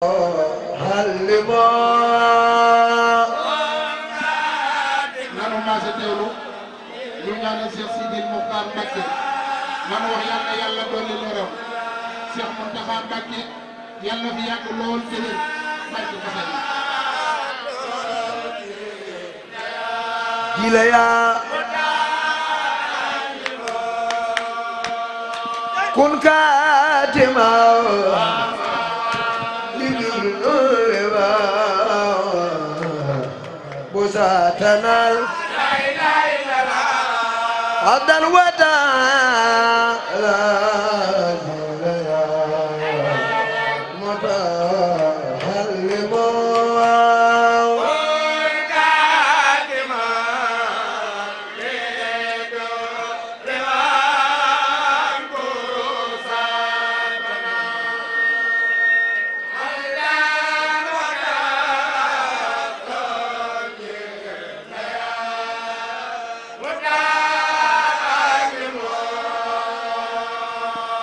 hallima nanu وساتنا لا إله إلا الله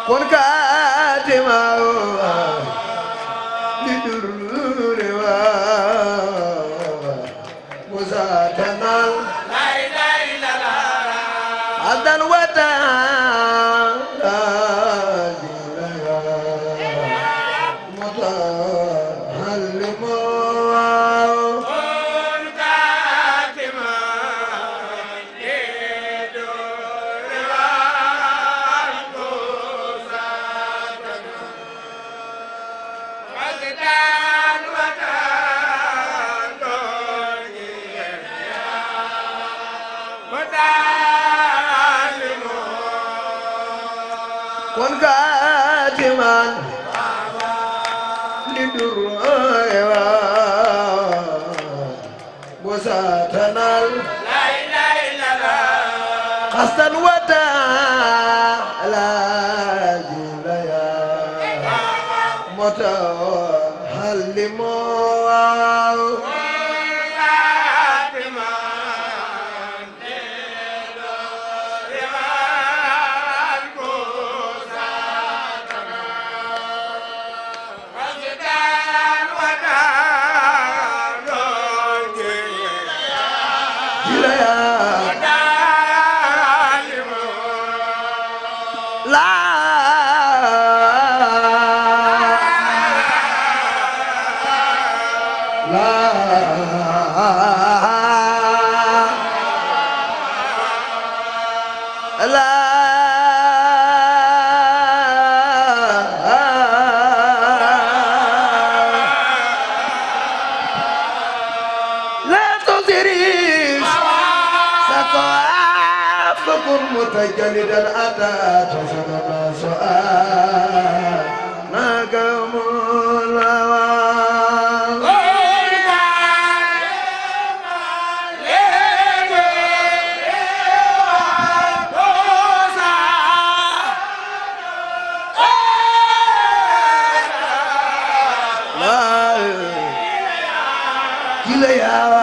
kon katima وقتا جلد الأتى ya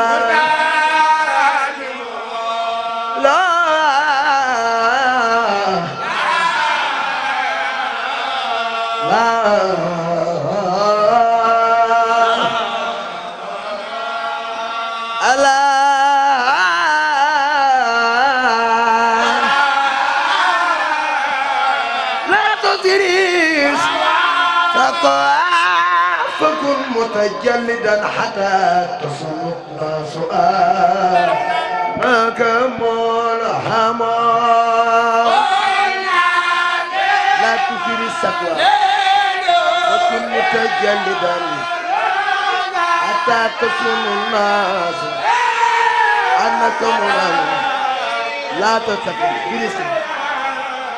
متجلدا حتى تصمت سؤال ما كمل حمار لا تثير السقوى وكن متجلدا حتى تصم الناس أنك منام لا تتقي برسم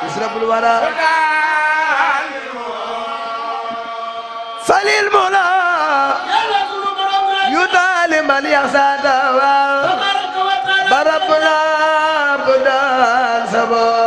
يشرب الورى فللمنام يطال من يسادا بربنا بدان سبا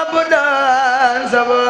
abdan sabaa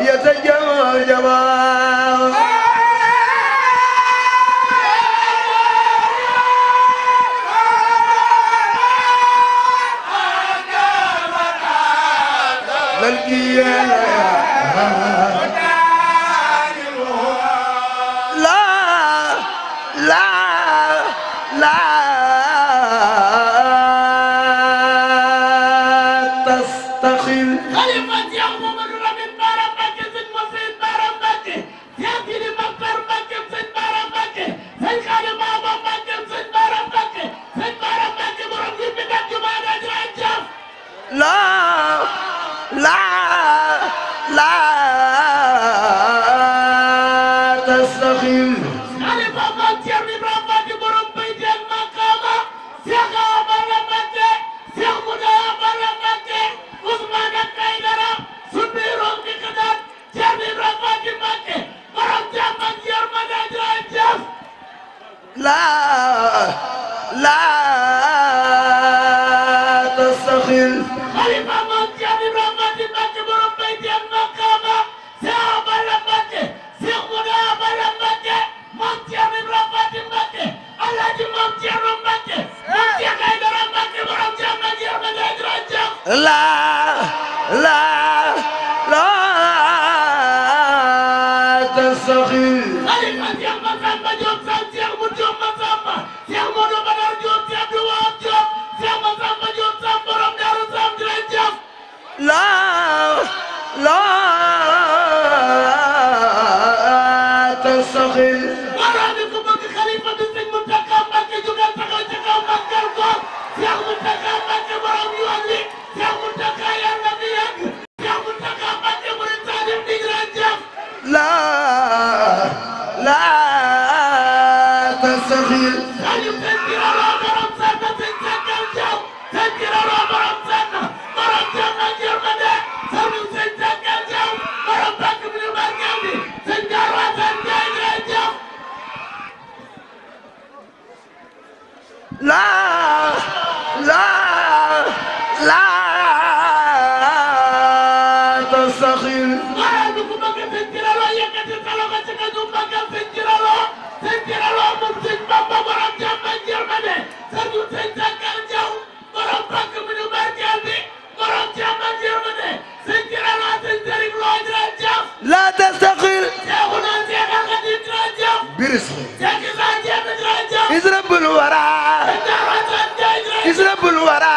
يتجمع جمال la saxir waaye du ko bëgg sëñ Tirelo yëkkati sa loxo ci nga ñu bëgg sëñ Tirelo sëñ Tirelo moom sëñ Bamba borom jàmm ak yërmande sëñu sëñ Sakal Jaw borom pàkk bi ñu barkeel bi borom jàmm ak yërmande sëñ Tirelo sëñ Sëriñ Lo dina jëf la tastaxir seexu naa seexal ka di dina jëf biris seeki saa jëf dina jëf isra bul wara isra bul wara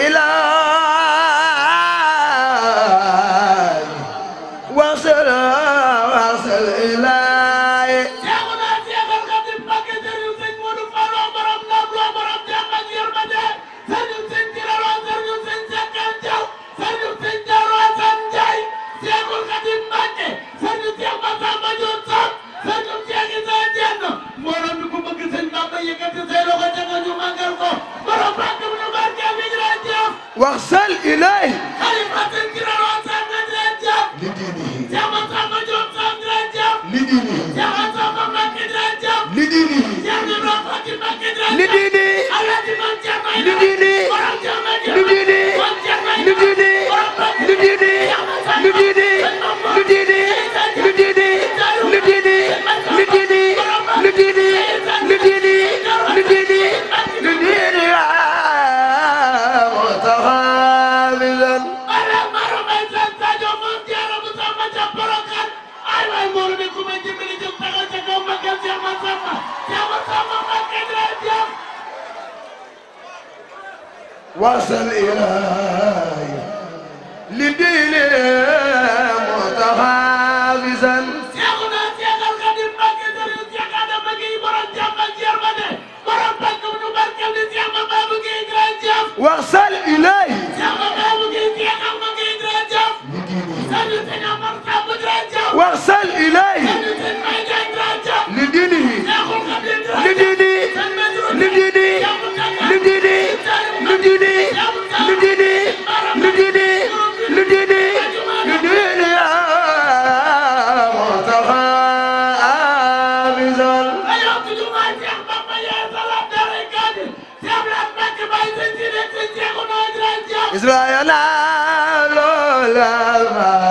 وصل إلهي لديني rizal ayo tuju ma Seex Bamba yeesala dara gadi Seex la Mbàkke bay ci ci ci ko no dara ci Israel la la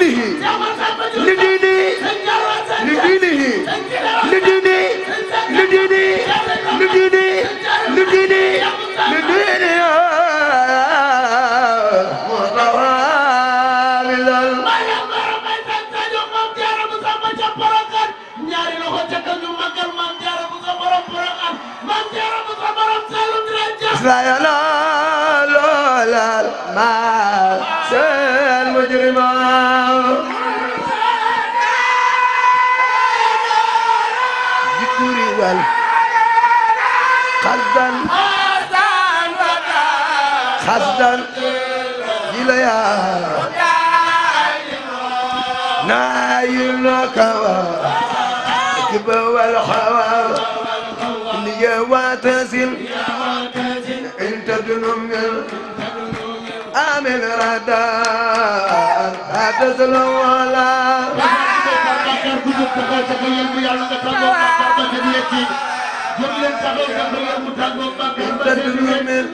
diinihi li diini li diinihi li diini li diini li diini li diini li diini Israel وحدا جليا نايلك وكبا والحوار اللي واتزل انت دنمل امن ردا هاتزل ولا انت دنمل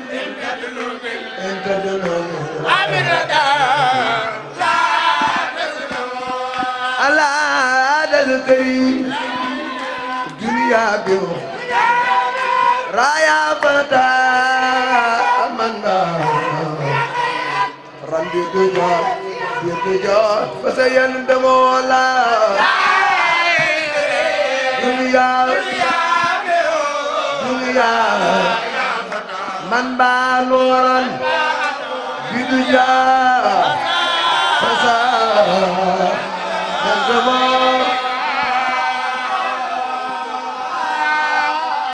man baa looran بدنيا فساد الزمان